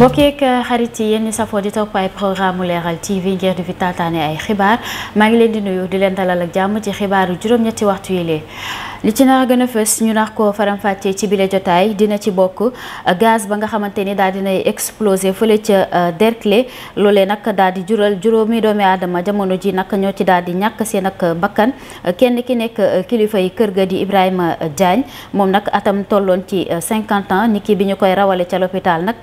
mbokkeek euh, xarit yi yenn safoo di topp ay programme leeral TV ngir di fi taataane ay xibaar maa ngi leen di nuyu di leen dalal ak jàmm ci xibaaru juróom-ñetti waxtu yi lee li ci nar gën a fës ñu nar ko faram-fàccee ci bile jotaay dina ci bokk euh, gaz ba nga xamante ni daal dinay explosé fële ca euh, Derklé loole nag daal di jural juróomi doomi aadama jamono ji nag ñoo ci daal di ñàkk seen ak bakkan kenn ki nekk kilifa yi kër ga di Ibrahima Diagne moom nag atam tolloon ci 50 ans niki bi ñu koy rawale ca l'hôpital nag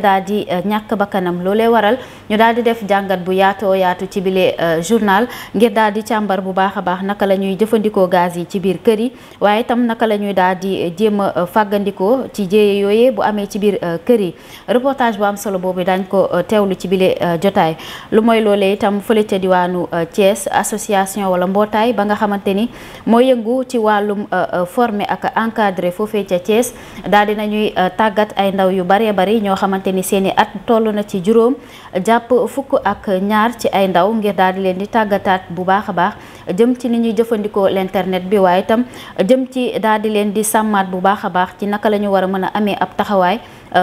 la daal di eh, ñàkk bakkanam loolee waral ñu daal di def jàngat bu yaatoo yaatu ci bile eh, journal ngir daal di càmbar bu baax a baax naka la ñuy jëfandikoo gaz yi ci biir kër yi waaye itam naka la ñuy daal di eh, jéem a fàggandikoo ci jéeye yooyee bu amee ci biir kër yi reportage bu am solo boobu dañ ko lu ci bile jotaay lu mooy loolee itam fële ca diwaanu Thiès association wala mbootaay ba nga xamante ni moo yëngu ci wàllum former ak encadrer foofee ca Thiès daal di xamante ni seen at toll na ci juróom jàpp fukk ak ñaar ci ay ndaw ngir daal di leen di tàggataat bu baax a baax jëm ci ni ñuy jëfandikoo l'internet bi waaye tam jëm ci daal di leen di sàmmaat bu baax a baax ci naka lañu ñu war a mën a amee ab taxawaay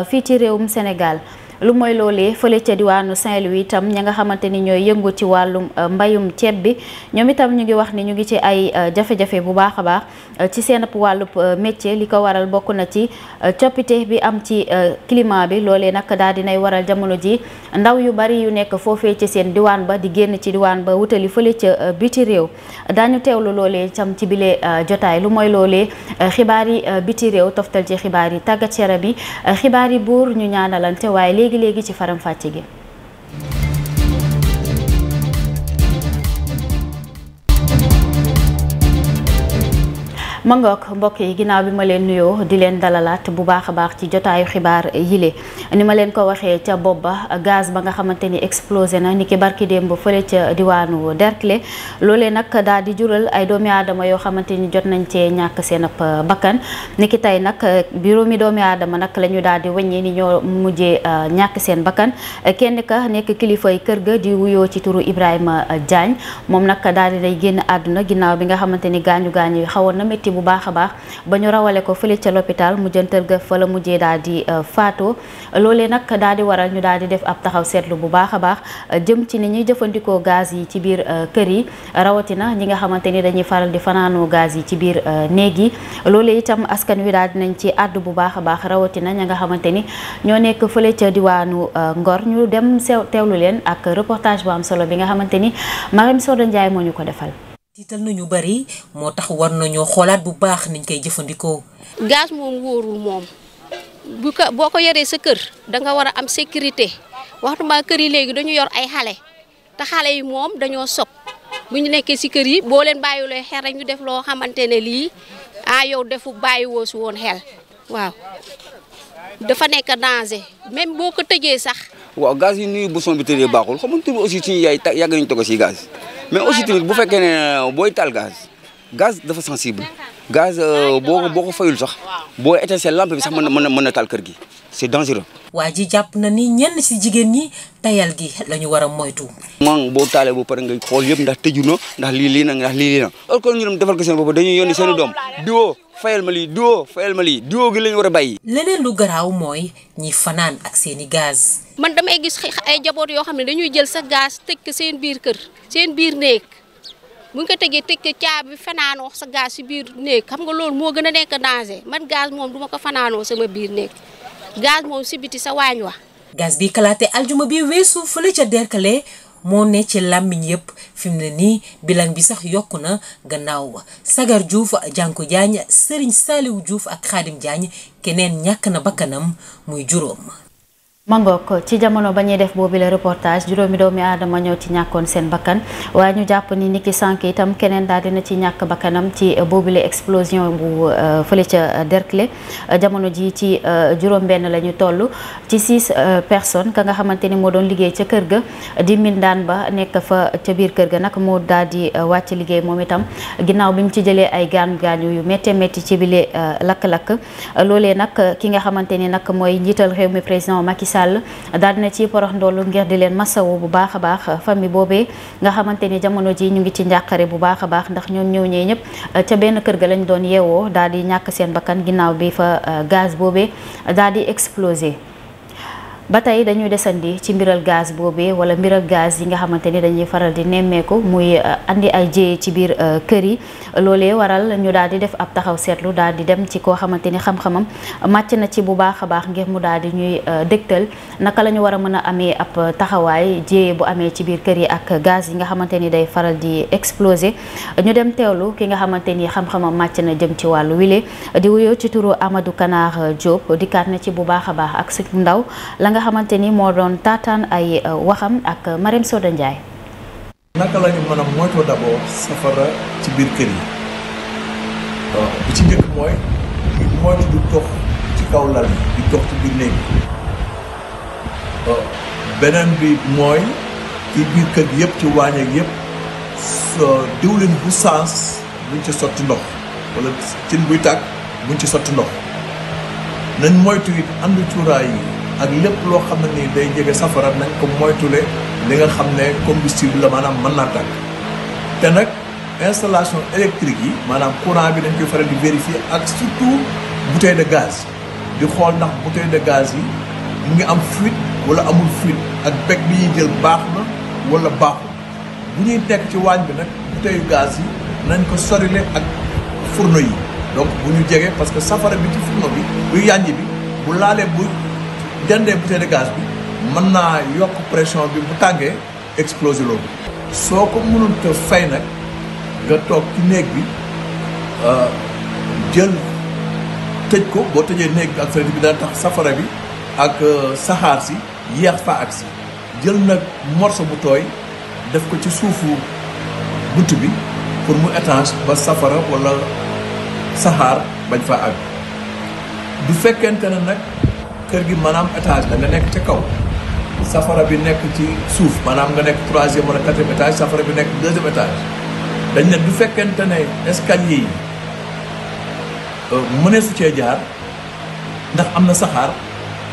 fii ci réewum Sénégal lu mooy loolee fële ca diwaanu Saint-Louis itam ña nga xamante ni ñooy yëngu ci wàllum euh, mbayum ceeb bi ñoom itam ñu ngi wax ni ñu ngi ci ay euh, jafe-jafe bu baax a baax euh, ci seen wàllu métier li ko waral bokk na ci coppite bi am ci climat bi loolee nag daal dinay waral jamono ji ndaw yu bari yu nekk foofee ci seen diwaan ba di génn ci diwaan ba wutali fële ca biti réew dañu teewlu loolee itam ci bile jotaay lu mooy loole xibaar yi biti réew toftal ci xibaar yi tàggat yaram bi xibaar yi buur ñu léegi léegi ci faram fàcce gi. mangook mbokk yi ginnaaw bi ma leen nuyoo di leen dalalaat bu baax a baax ci jotaayu xibaar yile ni ma leen ko waxee ca bopp ba gaz ba nga xamante ni explosé na ni ki barki démb fële ca diwaanu Derklé loole nag daal di jural ay doomi aadama yoo xamante ni jot nañ cee ñàkk seen ab bakkan ni ki tey nag juróomi doomi aadama nag la ñu daal di wëññi ni ñoo mujjee euh, ñàkk seen bakkan kenn ka nekk kilifay kër ga di wuyoo ci turu Ibrahima Diagne moom nag daal di génn àdduna ginnaaw bi nga bu baax a baax ba ñu rawalee ko fële ca l'hôpital mu jëntër ga fa la mujjee daal di euh, faatoo loole nag daal di waral ñu daal di def ab taxaw seetlu bu baax a baax euh, jëm ci ni ñuy jëfandikoo gaz yi ci biir euh, kër yi rawatina ñi nga xamante ni dañuy faral di fanaanoo gaz yi ci biir néeg yi loolee itam askan wi daal di nañ ci àddu bu baax a baax rawatina ña nga xamante ni ñoo nekk fële ca diwaanu Ngor ñu dem sew teewlu leen ak reportage bu am solo bi nga xamante ni Marème Soda Ndiaye moo ñu ko defal tiital nañu bari moo tax war nañoo xoolaat bu baax niñ koy jëfandikoo. gaz moom wóorul moom bu boo ko yoree sa kër da nga war a am sécurité waxtuma kër yi léegi dañu yor ay xale te xale yi moom dañoo sob bu ñu nekkee si kër yi boo leen bàyyiwulee xel rek ñu def loo xamante ne lii ah yow defu bàyyiwoo si woon xel waaw. dafa nekk danger même boo ko tëjee sax. waa gaz yi nuyu boson bi tëjee baaxul xam nga aussi suñu yaay yàgg nañu toog si gaz mais aussi tamit bu fekkee ne booy taal gaz gaz dafa sensible. Euh, gaz boo ko ko fayul sax boo étincelle lamp bi sax mën na mën na mën na taal kër gi c'est dangereux. waa ji jàpp na ni ñenn si jigéen ñi tayal gi la war a moytu. man boo taalee boo pare ngay xool yëpp ndax tëju na ndax lii lii na ndax lii lii na alors que ñu dem defal ko seen bopp doom diwoo fayal ma lii diwoo fayal ma lii diwoo gi la war a bàyyi. leneen lu garaaw mooy ñi fanaan ak seen i gaz. man damay gis ay jaboot yoo xam ne dañuy jël sa gaz tëj ko seen biir kër seen biir néeg. bu ñu ko tegee tëj ko caabi fanaanoo sa gaz si biir néeg xam nga loolu moo gën a nekk danger man gaz moom duma ko fanaanoo sama biir néeg gaz moom si biti sa waañ wa gaz bi kalaate aljuma bi weesu fële ca Derklé moo ne ci làmmiñ yëpp fi mu ne nii bilan bi sax yokk na gannaaw ba Sagar Diouf Janko Diagne Serigne Saliou Diouf ak Khadim Diagne keneen ñàkk na bakkanam muy juróom mangook ci jamono ba ñuy def boobi la reportage juróomi doomi aadama ñëw ci ñàkkoon seen bakkan waaye ñu jàpp ni niki sànq itam keneen daal dina ci ñàkk bakkanam ci boobi la explosion bu euh, fële ca euh, Derklé jamono ji ci euh, juróom benn la ñu toll ci six personnes ka nga xamante ni moo doon liggéey ca kër ga di mindaan ba nekk fa ca biir kër ga nag moo daal di wàcc liggéey moom itam ginnaaw bi mu ci jëlee ay gaañu gaañu yu métti métti ci bile lakk-lakk loolee nag ki nga xamante ni nag mooy njiital réew Sall daal dina ci porox ndoolu ngir di leen masawu bu baax a baax famille boobee nga xamante ni jamono ji ñu ngi ci njàqare bu baax a baax ndax ñoom ñëw ñee ñëpp uh, ca benn kër ga lañu doon yeewoo daal di ñàkk seen bakkan ginnaaw bi fa uh, gaz boobee daal di explosé ba tey dañuy desandi ci mbiral gaz boobee wala mbiral gaz yi nga xamante ni dañuy faral di nemmeeku muy uh, andi ay jéye ci biir uh, kër yi loolee waral ñu daal di def ab taxaw seetlu daal di dem ci koo xamante ni xam màcc na ci bu baax a baax ngir mu daal di ñuy uh, dégtal naka la ñu war a mën a amee ab taxawaay jéye bu amee ci biir kër yi ak gaz yi nga xamante ni day faral di exploser ñu dem teewlu ki nga xamante ni xam-xamam màcc na jëm ci wàllu wile di wuyoo ci turu amadu Kanar Diop dikkaat na ci bu baax a baax ak suñu ndaw la nga xamante ni moo doon taataan ay euh, waxam ak euh, Marème Soda Ndiaye. naka la ñu mën a safara ci biir kër yi waaw bi ci njëkk mooy di moytu du tox ci kaw lal di tox ci biir néeg beneen bi mooy ci biir kër gi yëpp ci waañeeg yëpp diwlin bu saas buñ ci sotti ndox wala cin buy tàkk buñ ci sotti ndox nañ moytu it ànd cuuraay ak lépp loo xam ne ni day jege safara nañ ko moytule li nga xam ne combustible la maanaam mën naa tàkk te nag installation électrique yi maanaam courant bi dañ koy faral di vérifier ak surtout bouteille de gaz di xool ndax bouteille de gas yi mu ngi am fuite wala amul fuite ak bec bi ñuy jël baax na wala baaxul bu ñuy teg ci waañ bi nag bouteille gaz yi nañ ko sorile ak fourneau yi donc bu ñu jegee parce que safara bi ci fourneau bi bu yànj bi bu laalee bu jëndee bouteille de gaz bi mën naa yokk pression bi bu tàngee exploser loolu soo ko mënul te fay nag nga toog ci néeg bi euh, jël tëj ko boo tëjee néeg ak fenêtre bi dana tax safara bi ak euh, saxaar si yéex fa agsi jël nag morceau bu tooy def ko ci suufu bunt bi pour mu étanche ba safara wala saxaar bañ fa àgg du fekkente ne nag kër gi maanaam étage la nga nekk ca kaw safara bi nekk ci suuf maanaam nga nekk troisième wala quatrième étage safara bi nekk deuxième étage dañ ne du fekkente ne escalier yi euh, mënee su cee jaar ndax am na saxaar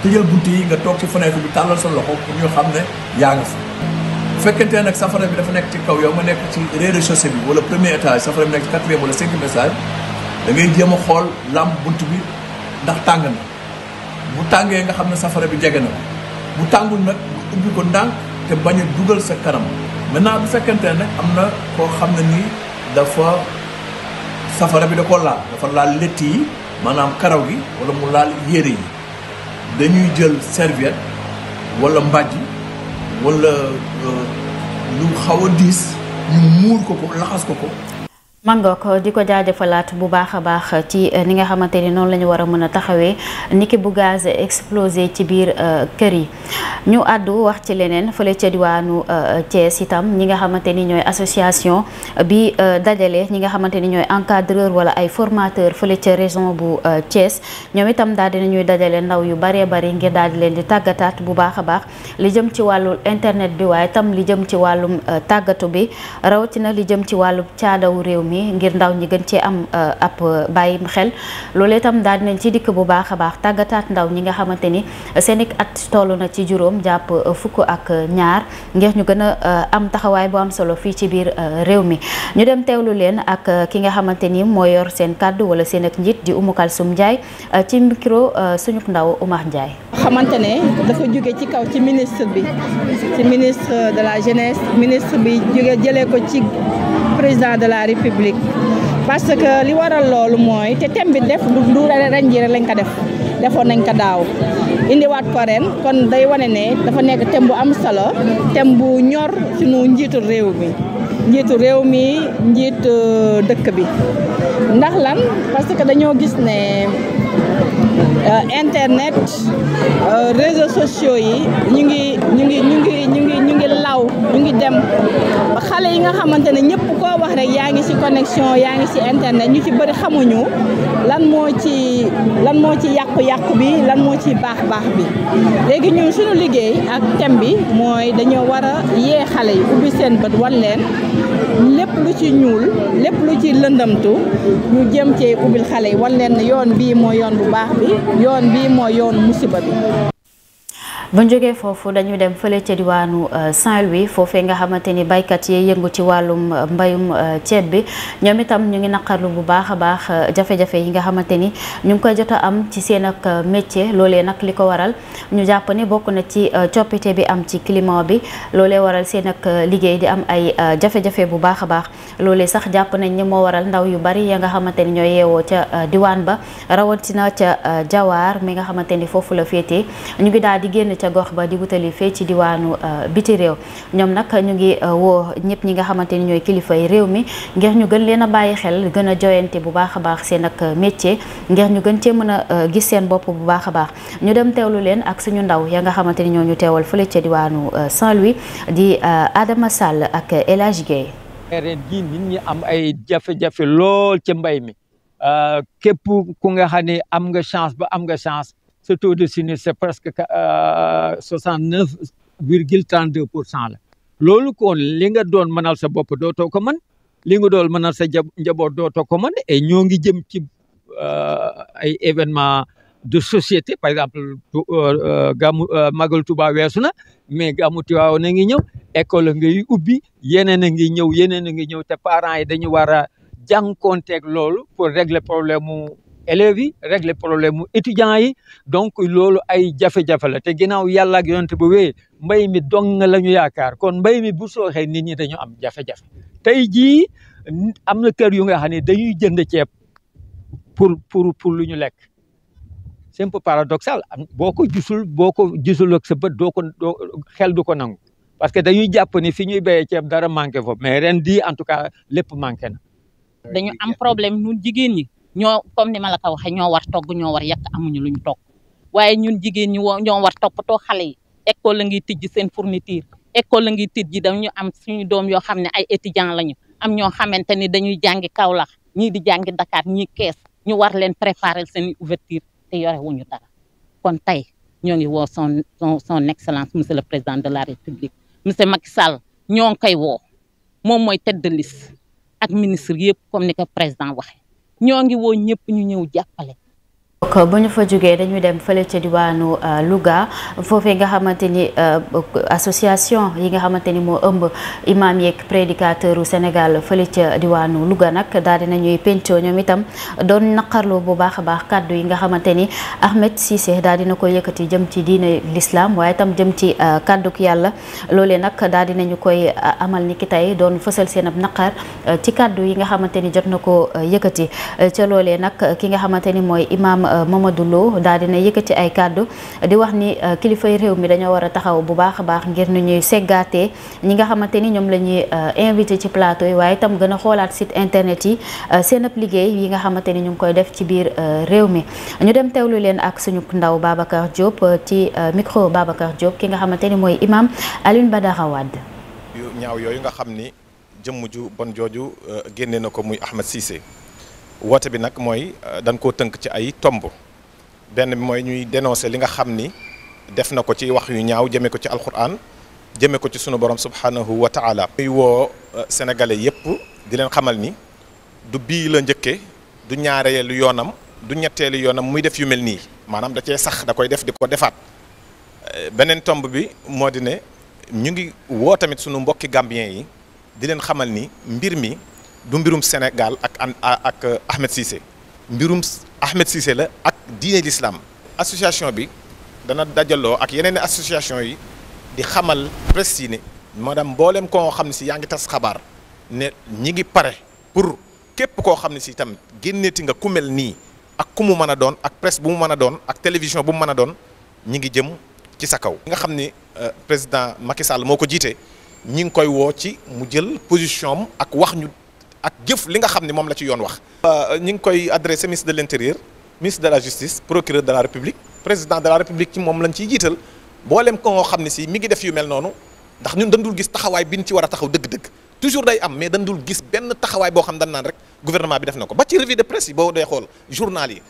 tëjal bunt yi nga ci fenêtre bi tàllal sa loxo pour ñu xam nga fa bu fekkente ne nag safara bi dafa nekk ci kaw yow nga nekk ci rez de bi wala premier étage safara bi nekk ci quatrième wala cinquième étage da ngay jéem a xool làmp bunt bi ndax tàng na bu tàngee nga xam ne safara bi jege na bu tàngul nag ubbi ko ndànk te bañ a dugal sa kanam maintenant bu fekkente ne nag am na koo xam ne nii dafa safara bi da ko laal dafa laal létt yi maanaam karaw gi wala mu laal yére yi dañuy jël serviette wala mbàjj wala euh, lu xaw a diis ñu muur ko ko laxas ko ko ko di ko jaajëfalaat bu baax a baax ci eh, ni nga xamante ni noonu la ñu war a mën a taxawee niki bu gaz explosé ci biir eh, kër yi ñu àddu wax ci leneen fële ca diwaanu eh, Thiès itam ñi nga xamante ni ñooy association bi dajale ñi nga xamante ni ñooy encadreur wala ay formateur fële ca région bu Thiès ñoom itam daal dina ñuy dajale ndaw yu baree bari ngir daal di leen di tàggataat bu baax a baax li jëm ci wàllu internet bi waaye tam li jëm ci wàllum tàggatu bi rawatina li jëm ci wàllu caadawu réew mi mi ngir ndaw ñi gën cee am euh, ab euh, bàyyi xel loolee itam daal dinañ ci dikk bu baax a baax tàggataat ndaw ñi nga xamante ni seen at toll na ci juróom jàpp euh, fukk ak ñaar ngir ñu gën a am taxawaay bu am solo fii ci biir réew mi ñu dem teewlu leen ak ki nga xamante ni moo yor seen kàddu wala seen ak njiit di Oumou Kalsoum Ndiaye ci micro suñu ndaw Oumar njaay xamante dafa jóge ci kaw ci ministre bi ci ministre de la jeunesse ministre bi jóge jëlee ko ci président publique parce que li waral loolu mooy te thème bi def du ren ji rek lañ ko def defoon nañ ko daaw indiwaat ko ren kon day wane ne dafa nekk thème bu am solo thème bu ñor suñu njiitu réew mi njiitu réew mi njiit euh, dëkk bi ndax lan parce que dañoo gis ne euh, internet euh, réseaux sociaux yi ñu ngi ñu ngi ñu ngi law ñu ngi dem ba xale yi nga xamante ne rek yaa ngi ci connexion yaa ngi ci internet ñu ci bari xamuñu lan moo ci lan moo ci yàqu-yàqu bi lan moo ci baax baax bi léegi ñun suñu liggéey ak thème bi mooy dañoo war a yee xale yi ubbi seen bët wan leen lépp lu ci ñuul lépp lu ci lëndamtu ñu jëm cee ubbil xale yi wan leen yoon bii mooy yoon bu baax bi yoon bii moo yoon musiba bi bu ñu jógee foofu dañuy dem fële ca diwaanu euh, Saint-Louis foofee nga xamante ni baykat yi yëngu ci wàllum euh, mbayum euh, ceeb bi ñoom itam ñu ngi naqarlu bu baax a baax jafe-jafe yi nga xamante ni ñu ngi koy jot a am ci seen ak métier loolee nag li ko waral ñu jàpp ne bokk na ci coppite bi am ci climat bi loolee waral seen ak liggéey di am ay jafe bu baax a baax loolee sax jàpp nañ ni moo waral ndaw yu bari ya nga xamante ni ñooy yeewoo ca diwaan ba rawatina ca jawaar mi nga xamante ni foofu la féetee ñu ngi daal di génn ca gox ba di wutali fee ci diwaanu euh, biti réew ñoom nag ñu ngi euh, woo ñëpp ñi nga xamante ni ñooy kilifa yi réew mi ngir ñu gën leen a bàyyi xel gën a joyante bu baax a baax seen ak euh, métier ngir ñu gën cee mën a gis seen bopp bu baax a baax ñu dem teewlu leen ak suñu ndaw ya nga xamante ni ñoo ñu teewal fële ca diwaanu Saint-Louis di Adama Sall ak El Hadj nit ñi am ay jafe-jafe lool ci mbay mi képp ku nga xam ne am nga chance ba am nga chance ce taux de sinistre c'est presque euh, soixante neuf virgule trente deux pour cent la loolu kon li nga doon mënal sa bopp dootoo ko mën li nga doon mënal sa njaboot dootoo ko mën et ñoo ngi jëm ci euh, ay événements de société par exemple euh, gàmmu magal Tuba weesu na mais gàmmu Tiwaawan na ngi ñëw école ngay ubbi yeneen a ngi ñëw yeneen a ngi ñëw te parent yi dañu war a jànkoonteeg loolu pour régler problème mu élèves yi régler problème mu étudiants yi donc loolu ay jafe-jafe la te ginnaaw yàlla ak yonent bu wéyee mbay mi dong la ñu yaakaar kon mbay mi bu sooxee nit ñi dañu am jafe-jafe tey jii am na kër yu nga xam ne dañuy jënd ceeb pour pour pour lu ñu lekk c'est un paradoxal am boo ko gisul boo ko gisul ak bët doo ko doo xel du ko nangu parce que dañuy jàpp ni fi ñuy béyee ceeb dara manqué foofu mais ren di en tout cas lépp manqué na. dañu am problème ñun jigéen ñi. ñoo comme ni ma la ko waxee ñoo war togg ñoo war yàq amuñu ñu togg waaye ñun jigéen ñi woo ñoo war toppatoo xale yi école la ngi tijji seen fourniture école la ngi tijji dañu am suñu doom yoo xam ne ay étudiant lañu am ñoo xamante ni dañuy jàngi Kaolack ñii di jàngi Dakar ñii kees ñu war leen préparer seen ouverture te yore wuñu dara kon tey ñoo ngi woo son son son excellence monsieur le président de la république monsieur Macky Sall ñoo ngi koy woo moom mooy tête de liste ak ministre yëpp comme ni ko président waxee ñoo ngi woo ñëpp ñu ñëw jàppale ok bu ñu fa jógee dañuy dem fële ca diwaanu euh, Louga foofee nga xamante ni euh, association yi nga xamante ni moo ëmb imaam yeeg prédicateur u Sénégal fële ca diwaanu Louga nag daal di nañuy pencoo ñoom itam doon naqarloo bu baax a baax kàddu yi nga xamante ni Ahmed Cissé daal dina ko yëkkati jëm ci diine l'islam waaye itam jëm ci euh, kàdduk yàlla loolee nag daal dinañu koy amal ni ki tey doon fësal seen ab naqar ci kàddu yi nga xamante ni jot na ko yëkkati ca loolee nag ki nga xamante ni mooy imam Euh, Mamadou Lo daal dina yëkkati ay kàddu di wax ni euh, kilifay réew mi dañoo war a taxaw bu baax a baax ngir nu ñuy seggaatee ñi nga xamante ni ñoom la ñuy euh, invité ci plateau yi waaye tam gën a xoolaat site internet yi seen ab liggéey yi nga xamante ni ñu ngi koy def ci biir réew mi ñu dem teewlu leen ak suñu ndaw Babacar Diop ci micro Babacar Diop ki nga xamante ni mooy imam Alioune Badara Wade ñaaw jooju génne na ko muy Ahmed woote bi nag mooy euh, dañ ko tënk ci ay tomb benn bi mooy ñuy dénoncer li nga xam ni def na ko ci wax yu ñaaw jëmee ko ci alquran jëmee ko ci sunu borom subhanahu wa taala. ñuy woo euh, sénégalais yépp di leen xamal ni du bii la njëkke du ñaareelu yoonam du ñetteelu yoonam muy def yu mel nii maanaam da cee sax da koy def di ko defaat euh, beneen tomb bi moo di ne ñu ngi woo tamit sunu mbokki gambien yi di leen xamal ni mbir mi. du mbirum Sénégal ak an ak euh, Ahmed Cissé mbirum Ahmed Cissé la ak diine l'islam association bi dana dajaloo ak yeneen association yi di xamal presse yi ne maanaam mboolem koo xam ne si yaa ngi tas xabaar ne ñi ngi pare pour képp koo xam ne si itam génneeti nga ku mel nii ak ku mu mën a doon ak presse bu mu mën a doon ak télévision bu mu mën a doon ñi ngi jëm ci sa kaw. nga xam ni euh, président Macky Sall moo ko jiite ñi ngi koy woo ci mu jël position am ak wax ñu. ak jëf li nga xam ne moom la ci yoon wax. Euh, ñi ngi koy adressé ministre de l' intérieur ministre de la justice procureur de la république président de la république ci moom lañ ciy jiital mboolem ko xam ne si mi ngi def yu mel noonu ndax ñun dañ gis taxawaay bi ci war a taxaw dëgg. toujours day am mais dañ dul gis benn taxawaay boo xam dañ naan rek gouvernement bi def na ko ba ci revue de presse yi boo dee xool journal yi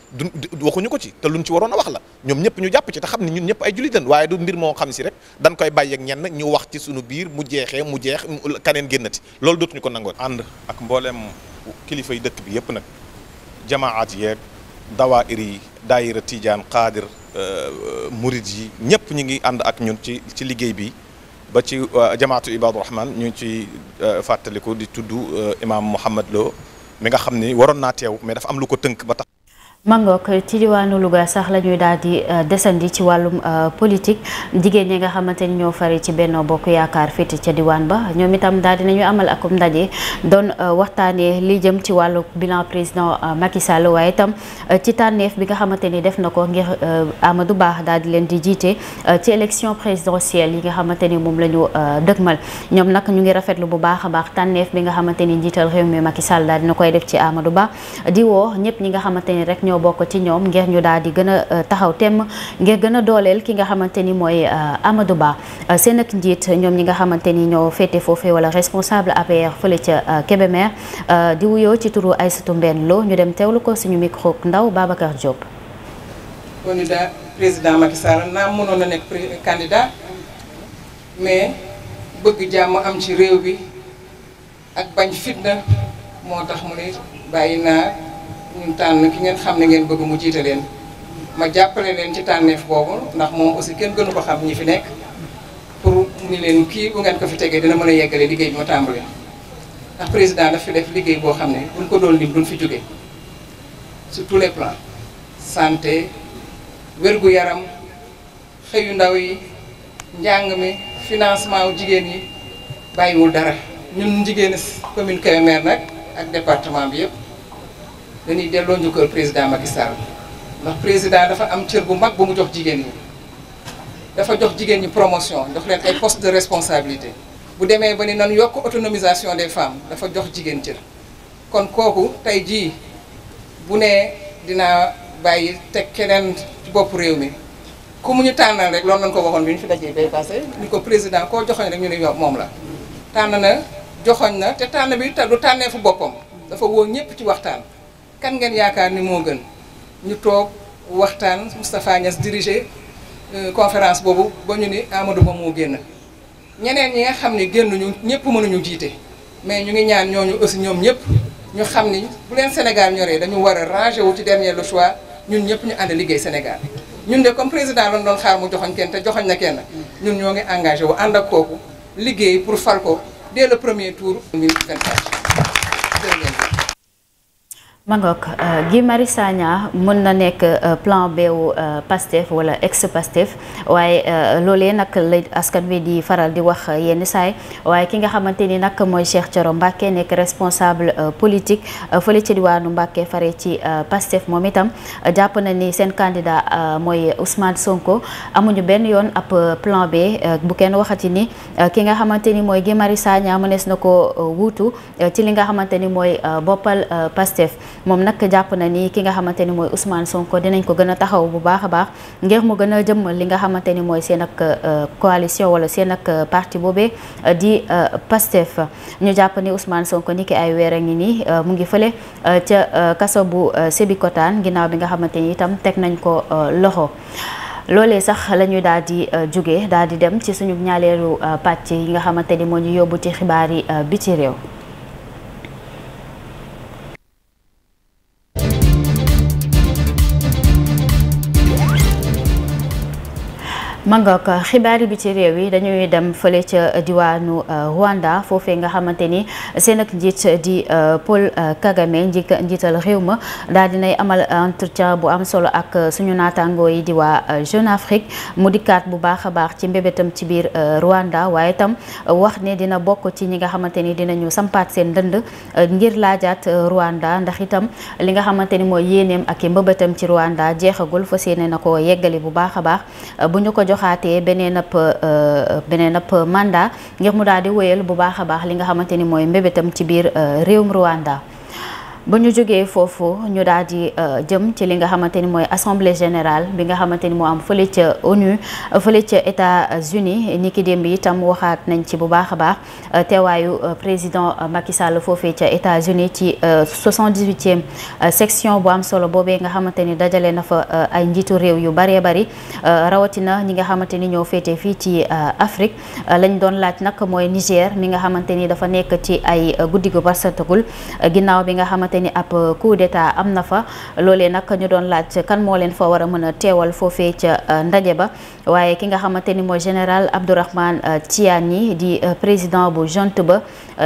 du waxuñu ko ci te luñ ci waroon a wax la ñoom ñëpp ñu jàpp ci te xam ne ñu ñëpp ay jullit lañ waaye du mbir moo xam si rek dañ koy bàyyi ak ñenn ñu wax ci suñu biir mu jeexee mu jeex kaneen génnati loolu dootuñu ko nangoon ànd ak mbooleem kilifay dëkk bi yëpp nag jamaat yeeg dawaayir yi daayira tijaan xaadir euh, euh, murid yi ñëpp ñu ngi ànd ak ñun ci ci liggéey bi ba ci euh, jamaatu Ibaadu Rahman ñu ngi ciy euh, fàttaliku di tudd euh, imaam Mouhamed Lo mi nga xam ni waroon naa teew mais dafa am lu ko tënk ba tax. mangook ci diwaanu Louga sax la ñuy daal di euh, desandi ci wàllum euh, politique jigéen ñi nga xamante ni ñoo fari ci Benno Bokk Yaakaar féete ca diwaan ba ñoom itam daal di nañu amal akum ndaje doon euh, waxtaanee li jëm ci wàllu bilan président Macky Sall waaye itam ci tànneef bi nga xamante ni def na ko ngir Amadou Ba daal di leen di jiite ci élection présidentielle yi nga xamante ni moom la ñu dëgmal ñoom nag ñu ngi rafetlu bu baax a baax tànneef bi nga xamante ni njiital réew mi Sall daal dina koy def ci Amadou Ba ñoo bokk ci ñoom ngir ñu daal di gën euh, taxaw temm ngir gën a dooleel ki nga xamante ni mooy euh, Amadou Ba euh, seen ak njiit ñoom ñi nga xamante ni ñoo féete foofee wala responsable APR fële ca Kébémer di wuyoo ci turu Aïssatou Mbène loo ñu dem teewlu ko suñu micro ndaw Babacar Diop. candidat président Macky Sall naa mënoon a nekk candidat mais bëgg jàmm am ci réew bi ak bañ fitna moo tax mu ne bàyyi naa. tànn ki ngeen xam ne ngeen bëgg mu jiite leen ma jàppale leen ci tànneef boobu ndax moom aussi kenn gënu ko xam ñi fi nekk pour ni leen kii bu ngeen ko fi tegee dina mën a yeggale liggéey bi ma tàmbale ndax président daf fi def liggéey boo xam ne bu ñu ko doon lim duñ fi jóge sur tous les plans santé wérgu yaram xëyu ndaw yi njàng mi financement wu jigéen yi bàyyiwul dara ñun jigéen commune Kébémer nag ak département bi yëpp dañuy delloo njukkal président Macky Sall ndax président dafa am cër bu mag bu mu jox jigéen ñi dafa jox jigéen ñi promotion jox leen ay poste de responsabilité bu demee ba ni nan yokk autonomisation des femmes dafa jox jigéen cër kon kooku tey jii bu nee dinaa bàyyi teg keneen ci bopp réew mi ku mu ñu tànnal rek loolu lañ ko waxoon bi ñu fi dajee bay passé ni ko président koo joxoñ rek ñu ne moom la tànn na joxoñ na te tànn bi du tànnee fu boppam dafa woo ñëpp ci waxtaan kan ngeen yaakaar ni moo gën ñu toog waxtaan Moustapha Niass dirigé euh, conférence boobu ba ñu ni Amadou Ba moo génn ñeneen ñi nga xam ne génnuñu ñëpp mënuñu jiite mais ñu ngi ñaan ñooñu aussi ñoom ñëpp ñu xam ni bu leen Sénégal ñoree dañu war a rangé wu ci dernier le choix ñun ñëpp ñu ànd liggéey Sénégal ñun de comme président lañ doon mu joxoñ kenn te joxoñ na kenn ñun ñoo ngi engagé wu ànd ak kooku liggéey pour fal ko dès le premier tour 2024 Mangok euh, Guy Marius Sagna mën na nekk euh, plan B wu euh, Pastef wala ex Pastef waaye loolee nag la askan wi di faral di wax yenn saay waaye ki nga xamante ni nag mooy Cheikh Thioro Mbacké nekk responsable politique fële diwaanu Mbacké fare ci Pastef moom itam jàpp na ni seen candidat mooy Ousmane Sonko amuñu benn yoon ab plan B bu kenn waxati ni ki nga xamante ni mooy Guy Marius Sagna mënees na ko wuutu ci li nga xamante ni mooy boppal Pastef moom nag jàpp na ni ki nga xamante ni mooy usmaan Sonko dinañ ko gën a taxaw bu baax a baax ngir mu gën a jëmmal li nga xamante ni mooy seen ak euh, coalition wala seen ak euh, parti boobee euh, di Pastef ñu jàpp ni Ousmane Sonko ni ki ay weer a ngi nii mu ngi fële ca kaso bu Sébikotane ginnaaw bi nga xamante ni itam teg nañ ko loxo loole sax lañuy ñuy daal di jóge daal di dem ci suñu ñaaleelu pàcc yi nga xamante ni moo ñu yóbbu ci xibaar yi bi ci réew mangook xibaari bi ci réew yi dañuy dem fële ca diwaanu euh, Rwanda foofe nga xamante ni seen ak njiit di euh, Paul euh, Kagame nji njiital réew ma daal dinay amal entretien bu am solo ak suñu naataangoo yi di waa Jeune mu dikkaat bu baax a baax ci mbébétam ci biir Rwanda waaye tam wax ne dina bokk ci ñi nga xamante ni dinañu sampaat seen ndënd ngir laajaat Rwanda ndax itam li nga xamante ni mooy yéeneem ak mbébétam ci Rwanda jeexagul fas yéene na ko yeggali bu baax a baax bu ñu ko jox joxaatee beneen ab euh, beneen ab mandat ngir mu daal di wéyal bu baax a baax li nga xamante ni mooy mbébétam ci biir euh, réewum Rwanda. ba ñu jógee foofu ñu daal di euh, jëm ci li nga xamante ni mooy assemblée générale bi nga xamante ni moo am fële ca ONU fële ca États-Unis ni ki démb itam waxaat nañ ci bu baax a baax euh, teewaayu euh, président Macky Sall foofee ca États-Unis ci 78e section bu am solo boobee nga xamante ni dajale na fa ay njiitu réew yu bëree bëri rawatina ñi nga xamante ni ñoo féete fii ci Afrique lañ doon laaj nag mooy Niger mi nga xamante ni dafa nekk ci ay guddi gu barsatagul ginnaaw bi nga xamante xamante ni ab coup d'état am na fa loolee nag ñu doon laaj kan moo leen fa war a mën a teewal foofee ca euh, ndaje ba waaye ki nga xamante ni mooy général Abdourahmane yi euh, di euh, président bu junte ba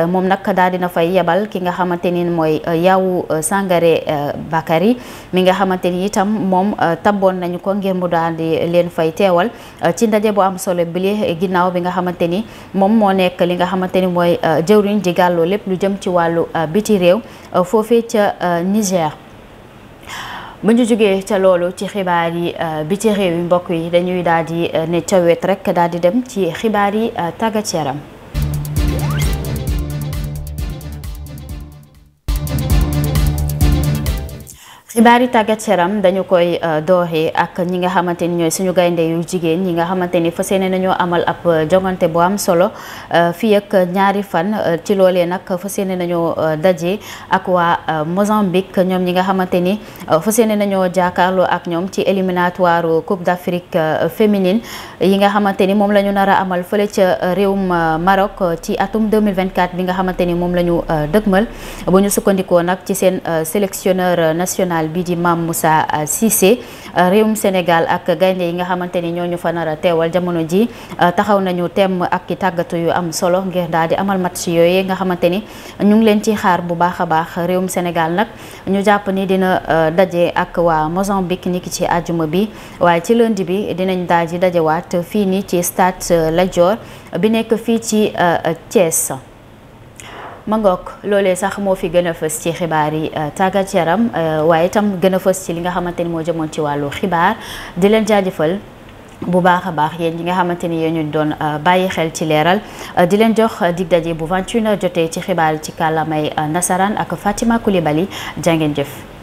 moom nag daal dina fay yebal ki nga xamante ni mooy Yawou Sangaré Bakary mi nga xamante ni itam moom tabboon nañu ko ngir mu daal di leen fay teewal ci ndaje bu am solo bile ginnaaw bi nga xamante ni moom moo nekk li nga xamante ni mooy jëwriñ ji gàlloo lépp lu jëm ci wàllu biti réew foofee foofee ca euh, Niger. bu ñu jógee ca loolu ci xibaar yi euh, bi ci réew yi mbokk yi dañuy daal di euh, ne ca wet rekk daal di dem ci xibaar yi tàggat xibaar yi tàggat yaram dañu koy euh, dooxee ak ñi nga xamante ni ñooy suñu gaynde yu jigéen ñi nga xamante ni fas yéene nañoo amal ab euh, jongante bu am solo euh, fii ak ñaari fan ci loolee nag fas yéene nañoo daje ak waa Mozambique ñoom ñi nga xamante ni fas yéene nañoo jàkkaarloo ak ñoom ci éliminatoire Coupe d'Afrique féminine yi nga xamante ni moom la ñu nar a amal fële ca réewum Maroc ci atum 2024 bi nga xamante ni moom la ñu dëgmal bu ñu sukkandikoo nag ci seen sélectionneur national bi di Mame Moussa euh, Cissé euh, réewum Sénégal ak gaynde yi nga xamante ni ñoo ñu fa nar a teewal jamono ji euh, taxaw nañu temm ak ki tàggatu yu am solo ngir daal di amal match yooyu nga xamante ni ñu ngi leen ci xaar bu baax a baax réewum Sénégal nag ñu jàpp ni dina daje ak waa Mozambique niki ci àjjuma bi waaye ci lundi bi dinañ daal ji dajewaat fii nii ci stade Lat bi nekk fii ci Thiès. mangook loole sax moo fi gën a fës ci xibaar yi euh, tàggat yaram euh, waaye itam gën a fës ci li nga xamante ni moo jëmoon ci wàllu xibaar di leen jaajëfal bu baax a baax yéen ñi nga xamante ni yéen ñu doon euh, bàyyi xel ci leeral di leen jox dig daje bu 21h jotee ci xibaar ci kàllaamay nasaraan ak Fatima Koulibaly jàngeen jëf